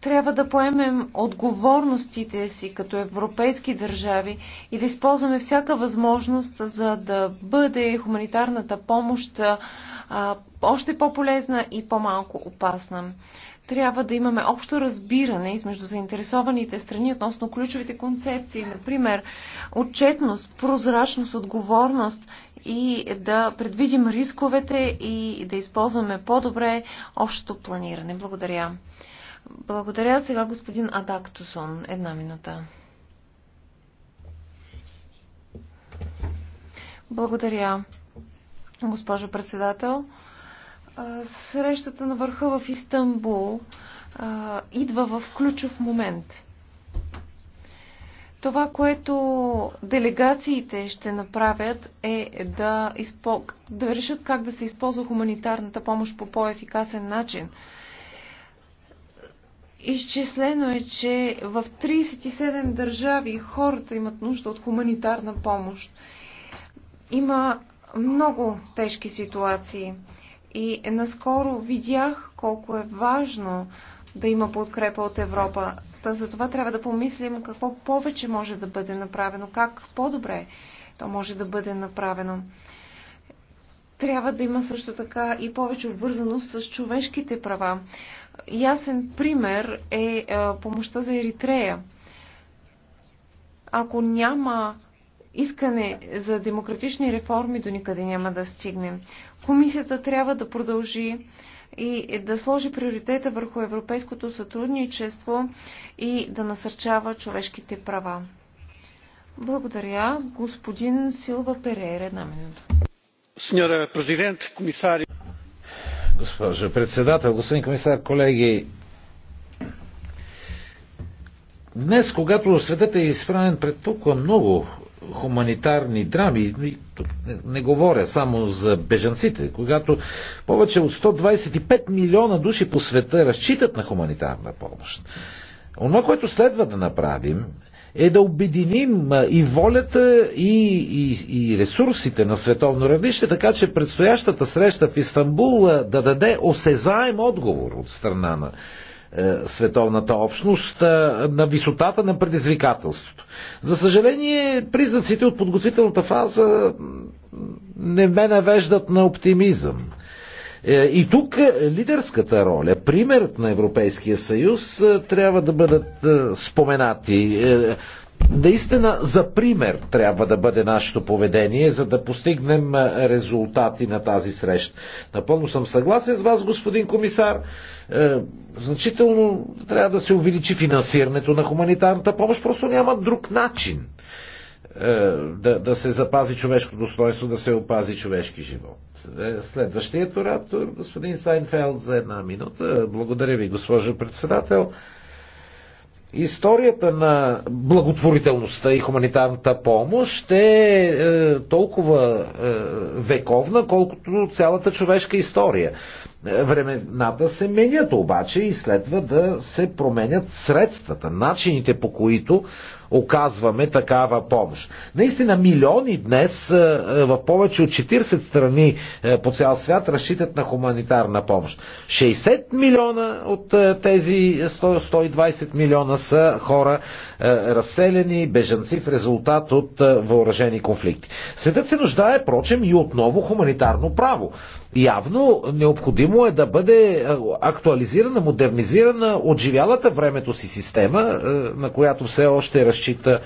трябва да поемем отговорностите си като европейски държави и да използваме всяка възможност, за да бъде хуманитарната помощ а, още по-полезна и по-малко опасна. Трябва да имаме общо разбиране измежду заинтересованите страни относно ключовите концепции, например отчетност, прозрачност, отговорност и да предвидим рисковете и да използваме по-добре общото планиране. Благодаря. Благодаря. Сега господин Адактусон. Една минута. Благодаря, госпожо председател. Срещата на върха в Истанбул идва в ключов момент. Това, което делегациите ще направят е да, изпо... да решат как да се използва хуманитарната помощ по по-ефикасен начин – Изчислено е, че в 37 държави хората имат нужда от хуманитарна помощ. Има много тежки ситуации и наскоро видях колко е важно да има подкрепа от Европа. Та за това трябва да помислим какво повече може да бъде направено, как по-добре то може да бъде направено. Трябва да има също така и повече обвързаност с човешките права. Ясен пример е, е помощта за Еритрея. Ако няма искане за демократични реформи, до никъде няма да стигнем. Комисията трябва да продължи и да сложи приоритета върху европейското сътрудничество и да насърчава човешките права. Благодаря. Господин Силва Перейра, една минута. Сеньора президент, комисари госпожо председател, господин комисар, колеги. Днес, когато светът е изправен пред толкова много хуманитарни драми, не говоря само за бежанците, когато повече от 125 милиона души по света разчитат на хуманитарна помощ, Онова, което следва да направим е да обединим и волята, и, и, и ресурсите на световно равнище, така че предстоящата среща в Истанбул да даде осезаем отговор от страна на е, световната общност на висотата на предизвикателството. За съжаление, признаците от подготвителната фаза не ме навеждат на оптимизъм. Е, и тук е, лидерската роля, примерът на Европейския съюз е, трябва да бъдат споменати. Наистина за пример трябва да бъде нашето поведение, за да постигнем резултати на тази среща. Напълно съм съгласен с вас, господин комисар. Значително трябва да се увеличи финансирането на хуманитарната помощ, просто няма друг начин. Е, да, да се запази човешко достоинство, да се опази човешки живот. Е, следващият оратор, господин Сайнфелд, за една минута. Благодаря ви, госпожо председател. Историята на благотворителността и хуманитарната помощ е, е толкова е, вековна, колкото цялата човешка история. Времената се менят обаче и следва да се променят средствата, начините по които оказваме такава помощ. Наистина милиони днес е, е, в повече от 40 страни е, по цял свят разчитат на хуманитарна помощ. 60 милиона от тези 100, 120 милиона са хора разселени, бежанци в резултат от въоръжени конфликти. Светът се нуждае, прочем, и отново хуманитарно право. Явно необходимо е да бъде актуализирана, модернизирана, отживялата времето си система, на която все още разчита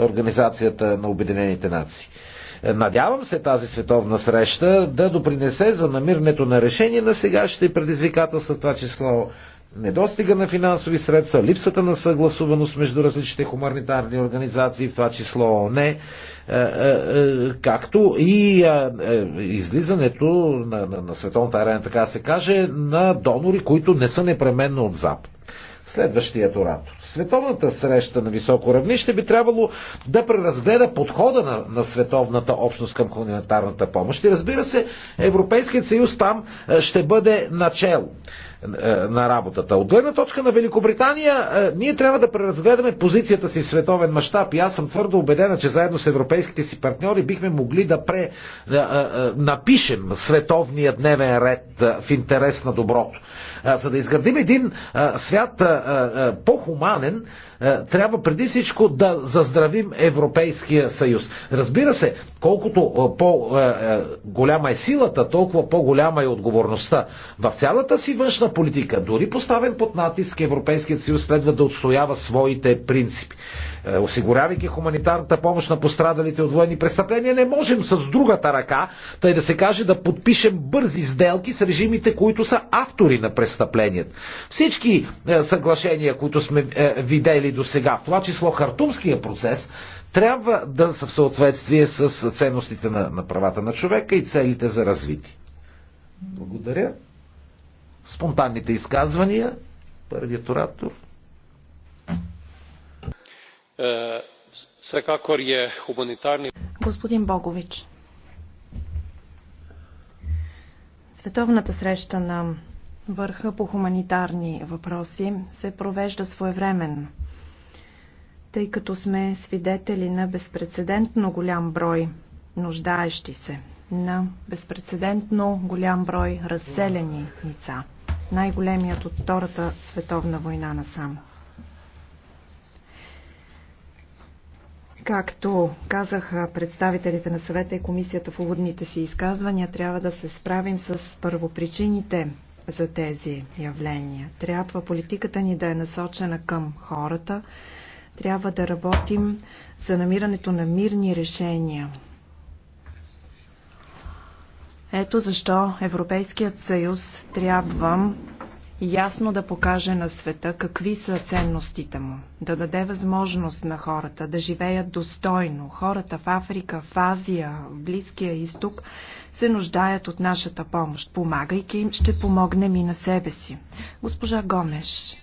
Организацията на Обединените нации. Надявам се тази световна среща да допринесе за намирането на решение на сегашните предизвикателства, това число недостига на финансови средства, липсата на съгласуваност между различните хуманитарни организации, в това число ОНЕ, е, е, както и е, излизането на, на, на световната арена, така се каже, на донори, които не са непременно от Запад. Следващият оратор. Световната среща на високо равнище би трябвало да преразгледа подхода на, на световната общност към хуманитарната помощ. И разбира се, Европейският съюз там е, ще бъде начало е, на работата. От гледна точка на Великобритания, е, ние трябва да преразгледаме позицията си в световен мащаб и аз съм твърдо убедена, че заедно с европейските си партньори бихме могли да пре, напишем световния дневен ред в интерес на доброто за да изградим един свят по-хуманен, е, трябва преди всичко да заздравим Европейския съюз. Разбира се, колкото е, по-голяма е, е силата, толкова по-голяма е отговорността. В цялата си външна политика, дори поставен под натиск, Европейският съюз следва да отстоява своите принципи. Осигурявайки хуманитарната помощ на пострадалите от военни престъпления, не можем с другата ръка, тъй да се каже, да подпишем бързи сделки с режимите, които са автори на престъпленията. Всички съглашения, които сме видели прилагали до сега, в това число хартумския процес, трябва да са в съответствие с ценностите на, на правата на човека и целите за развитие. Благодаря. Спонтанните изказвания. Първият оратор. Всекакор е, е хуманитарни... Господин Богович, Световната среща на върха по хуманитарни въпроси се провежда своевременно тъй като сме свидетели на безпредседентно голям брой нуждаещи се, на безпредседентно голям брой разселени лица, най-големият от Втората световна война насам. Както казаха представителите на съвета и комисията в уводните си изказвания, трябва да се справим с първопричините за тези явления. Трябва политиката ни да е насочена към хората, трябва да работим за намирането на мирни решения. Ето защо Европейският съюз трябва ясно да покаже на света какви са ценностите му, да даде възможност на хората да живеят достойно. Хората в Африка, в Азия, в Близкия изток се нуждаят от нашата помощ. Помагайки им, ще помогнем и на себе си. Госпожа Гомеш.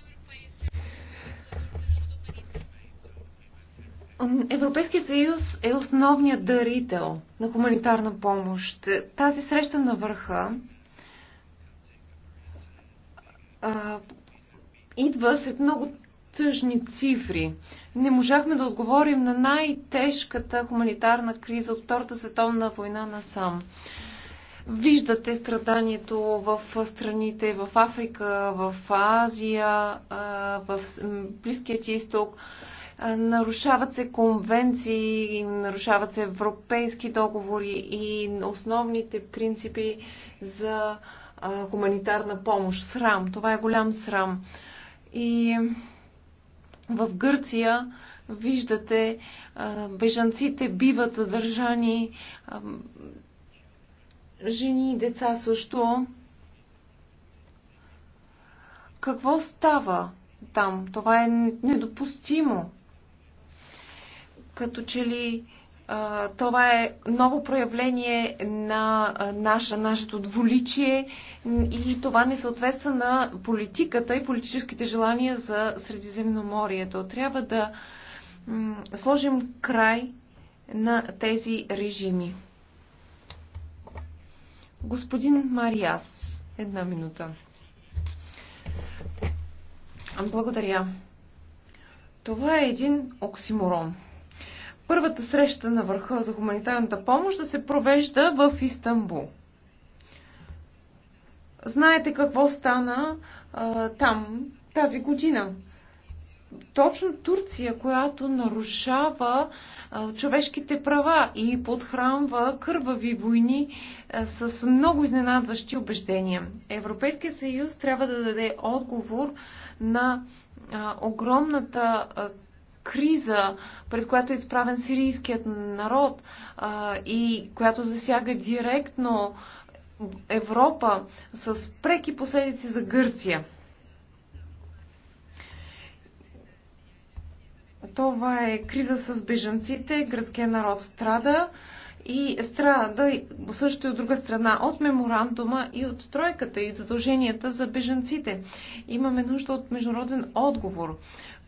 Европейският съюз е основният дарител на хуманитарна помощ. Тази среща на върха идва след много тъжни цифри. Не можахме да отговорим на най-тежката хуманитарна криза от Втората световна война насам. Виждате страданието в страните в Африка, в Азия, в Близкият изток. Нарушават се конвенции, нарушават се европейски договори и основните принципи за хуманитарна помощ. Срам. Това е голям срам. И в Гърция виждате, бежанците биват задържани, жени и деца също. Какво става там? Това е недопустимо като че ли а, това е ново проявление на наша, нашето дволичие и това не съответства на политиката и политическите желания за Средиземноморието. Трябва да сложим край на тези режими. Господин Мариас, една минута. Благодаря. Това е един оксиморон първата среща на върха за хуманитарната помощ да се провежда в Истанбул. Знаете какво стана а, там тази година. Точно Турция, която нарушава а, човешките права и подхранва кървави войни а, с много изненадващи убеждения. Европейският съюз трябва да даде отговор на а, огромната а, криза, пред която е изправен сирийският народ а, и която засяга директно Европа с преки последици за Гърция. Това е криза с бежанците, гръцкият народ страда и страда също и от друга страна от меморандума и от тройката и задълженията за бежанците. Имаме нужда от международен отговор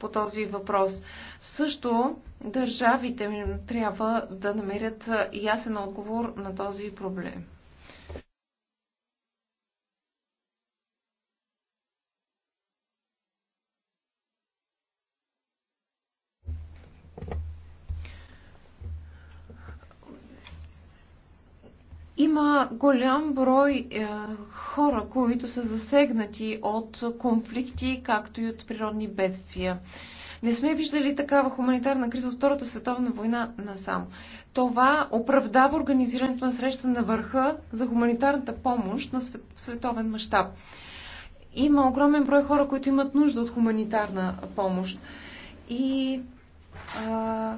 по този въпрос. Също държавите трябва да намерят ясен отговор на този проблем. Има голям брой е, хора, които са засегнати от конфликти, както и от природни бедствия. Не сме виждали такава хуманитарна криза от Втората световна война насам. Това оправдава организирането на среща на върха за хуманитарната помощ на световен мащаб. Има огромен брой хора, които имат нужда от хуманитарна помощ. И а,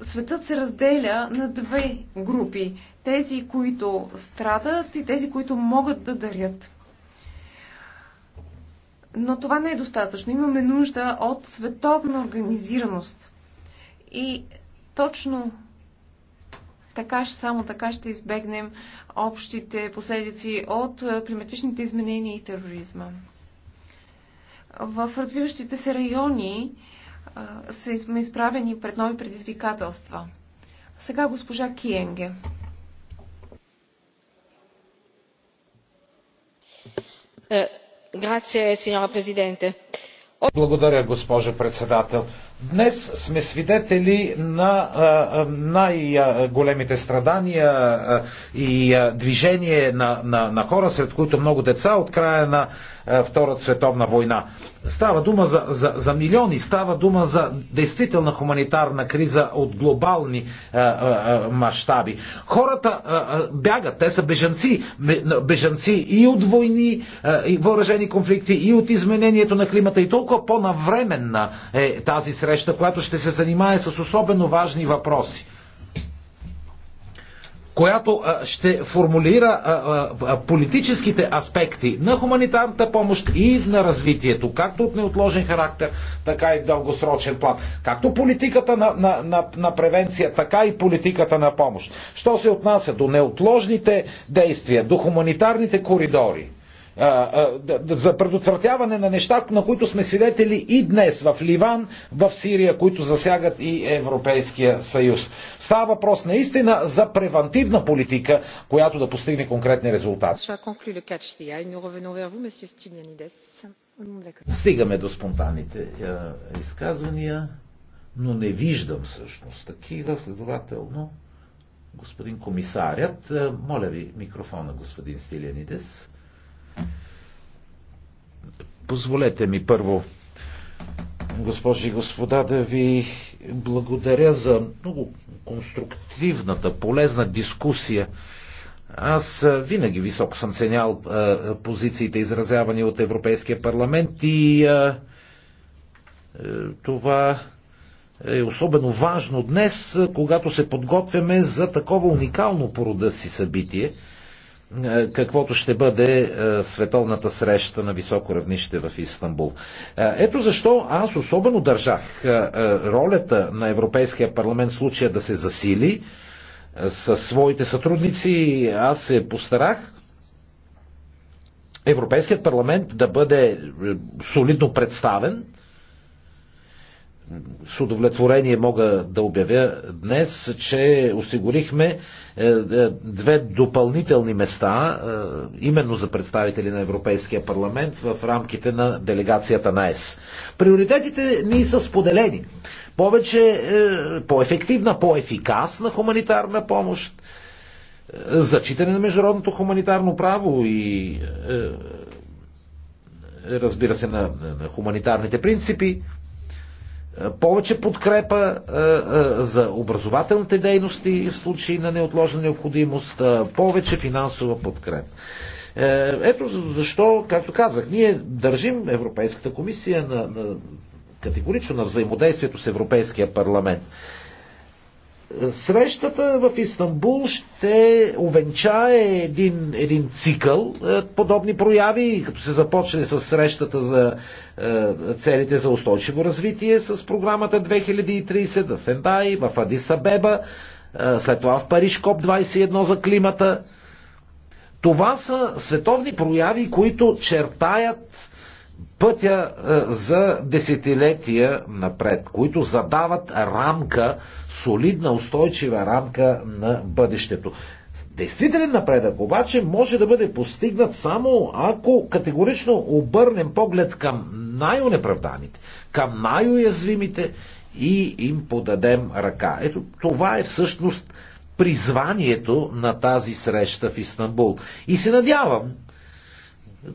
светът се разделя на две групи тези, които страдат и тези, които могат да дарят. Но това не е достатъчно. Имаме нужда от световна организираност. И точно така, само така ще избегнем общите последици от е, климатичните изменения и тероризма. В развиващите се райони е, сме изправени пред нови предизвикателства. Сега госпожа Киенге. Е, Благодаря, госпожо председател. Днес сме свидетели на е, най-големите страдания е, и движение на, хора, сред които много деца от края на е, Втората световна война. Става дума за, за, за милиони, става дума за действителна хуманитарна криза от глобални а, е, а, е, мащаби. Хората а, бягат, те са бежанци. Бежанци и от войни, и въоръжени конфликти, и от изменението на климата. И толкова по-навременна е тази среща, която ще се занимае с особено важни въпроси която ще формулира политическите аспекти на хуманитарната помощ и на развитието, както от неотложен характер, така и в дългосрочен план. Както политиката на, на, на, на превенция, така и политиката на помощ. Що се отнася до неотложните действия, до хуманитарните коридори, за предотвратяване на неща, на които сме свидетели и днес в Ливан, в Сирия, които засягат и Европейския съюз. Става въпрос наистина за превантивна политика, която да постигне конкретни резултати. Стигаме до спонтанните е, изказвания, но не виждам всъщност такива, следователно господин комисарят. Е, моля ви, микрофона господин Стилянидес. Позволете ми първо, госпожи и господа, да ви благодаря за много конструктивната, полезна дискусия. Аз винаги високо съм ценял позициите, изразявани от Европейския парламент и а, е, това е особено важно днес, когато се подготвяме за такова уникално порода си събитие – е, каквото ще бъде е, световната среща на високо равнище в Истанбул. Е, ето защо аз особено държах ролята на Европейския парламент в случая да се засили със своите сътрудници. Аз се постарах Европейският парламент да бъде солидно представен с удовлетворение мога да обявя днес, че осигурихме е, е, две допълнителни места, е, именно за представители на Европейския парламент в рамките на делегацията на ЕС. Приоритетите ни са споделени. Повече, по-ефективна, по-ефикасна хуманитарна помощ, зачитане на международното хуманитарно право и разбира се на, на хуманитарните принципи, е, повече подкрепа е, е, за образователните дейности в случай на неотложна необходимост, повече финансова подкрепа. Ето защо, както казах, ние държим Европейската комисия на, на категорично на взаимодействието с Европейския парламент. Срещата в Истанбул ще увенчае един, един цикъл е, подобни прояви, като се започне с срещата за е, целите за устойчиво развитие с програмата 2030 за Сендай, в Адисабеба, е, след това в Париж КОП 21 за климата. Това са световни прояви, които чертаят пътя е, за десетилетия напред, които задават рамка, солидна, устойчива рамка на бъдещето. Действителен напредък обаче може да бъде постигнат само ако категорично обърнем поглед към най унеправданите към най-уязвимите и им подадем ръка. Ето това е всъщност призванието на тази среща в Истанбул. И се надявам,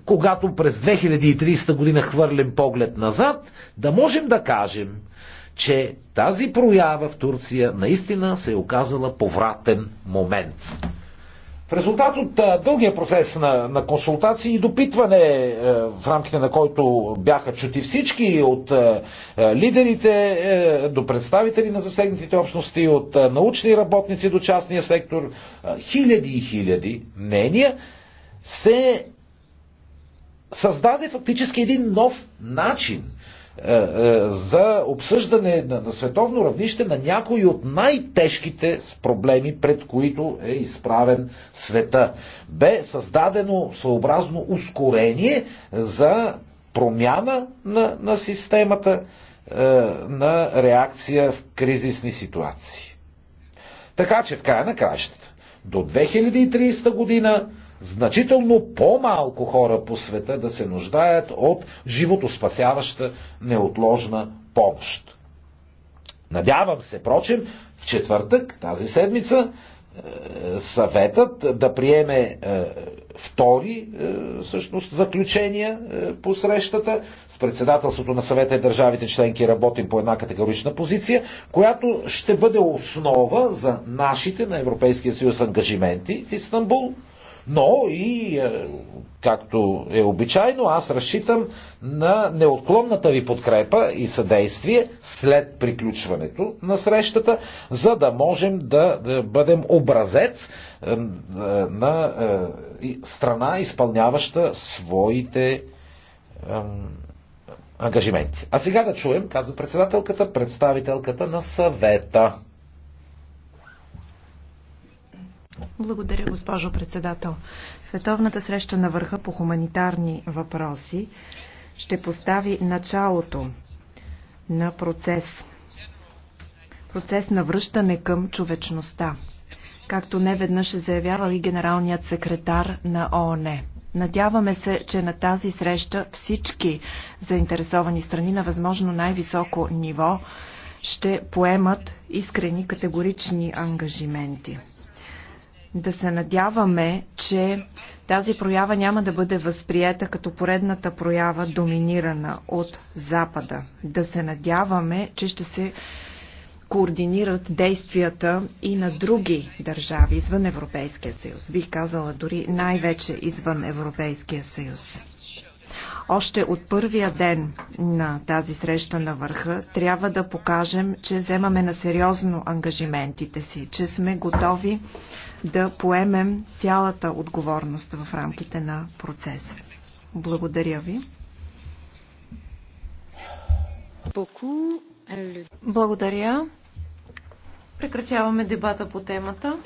когато през 2030 година хвърлим поглед назад, да можем да кажем, че тази проява в Турция наистина се е оказала повратен момент. В резултат от а, дългия процес на, на консултации и допитване, е, в рамките на който бяха чути всички, от е, е, лидерите до представители на засегнатите общности, от научни работници до частния сектор, хиляди и хиляди мнения, се създаде фактически един нов начин е, е, за обсъждане на, на световно равнище на някои от най-тежките проблеми, пред които е изправен света. Бе създадено съобразно ускорение за промяна на, на системата е, на реакция в кризисни ситуации. Така че в края на кращата до 2030 година значително по-малко хора по света да се нуждаят от животоспасяваща неотложна помощ. Надявам се, прочим, в четвъртък, тази седмица, е, съветът да приеме е, втори е, всъщност, заключения по срещата. С председателството на съвета и държавите членки работим по една категорична позиция, която ще бъде основа за нашите на Европейския съюз ангажименти в Истанбул, но и, е, както е обичайно, аз разчитам на неотклонната ви подкрепа и съдействие след приключването на срещата, за да можем да бъдем образец е, е, на страна, изпълняваща своите ангажименти. А сега да чуем, каза председателката, представителката на съвета. Благодаря, госпожо председател. Световната среща на върха по хуманитарни въпроси ще постави началото на процес. Процес на връщане към човечността, както не веднъж е заявявал и генералният секретар на ООН. Надяваме се, че на тази среща всички заинтересовани страни на възможно най-високо ниво ще поемат искрени категорични ангажименти да се надяваме, че тази проява няма да бъде възприета като поредната проява, доминирана от Запада. Да се надяваме, че ще се координират действията и на други държави извън Европейския съюз. Бих казала дори най-вече извън Европейския съюз. Още от първия ден на тази среща на върха трябва да покажем, че вземаме на сериозно ангажиментите си, че сме готови да поемем цялата отговорност в рамките на процеса. Благодаря ви. Благодаря. Прекратяваме дебата по темата.